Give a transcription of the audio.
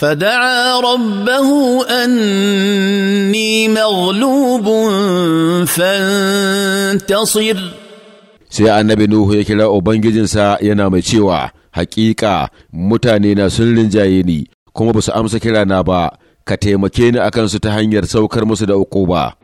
فدعا ربه اني مغلوب فانتصر sai annabi Nuhu ya kira Ubangijinsa yana mai cewa, Hakika mutane na sun rinjaye ni, kuma ba su amsa kirana ba, ka taimake ni akan su ta hanyar saukar musu da uku ba.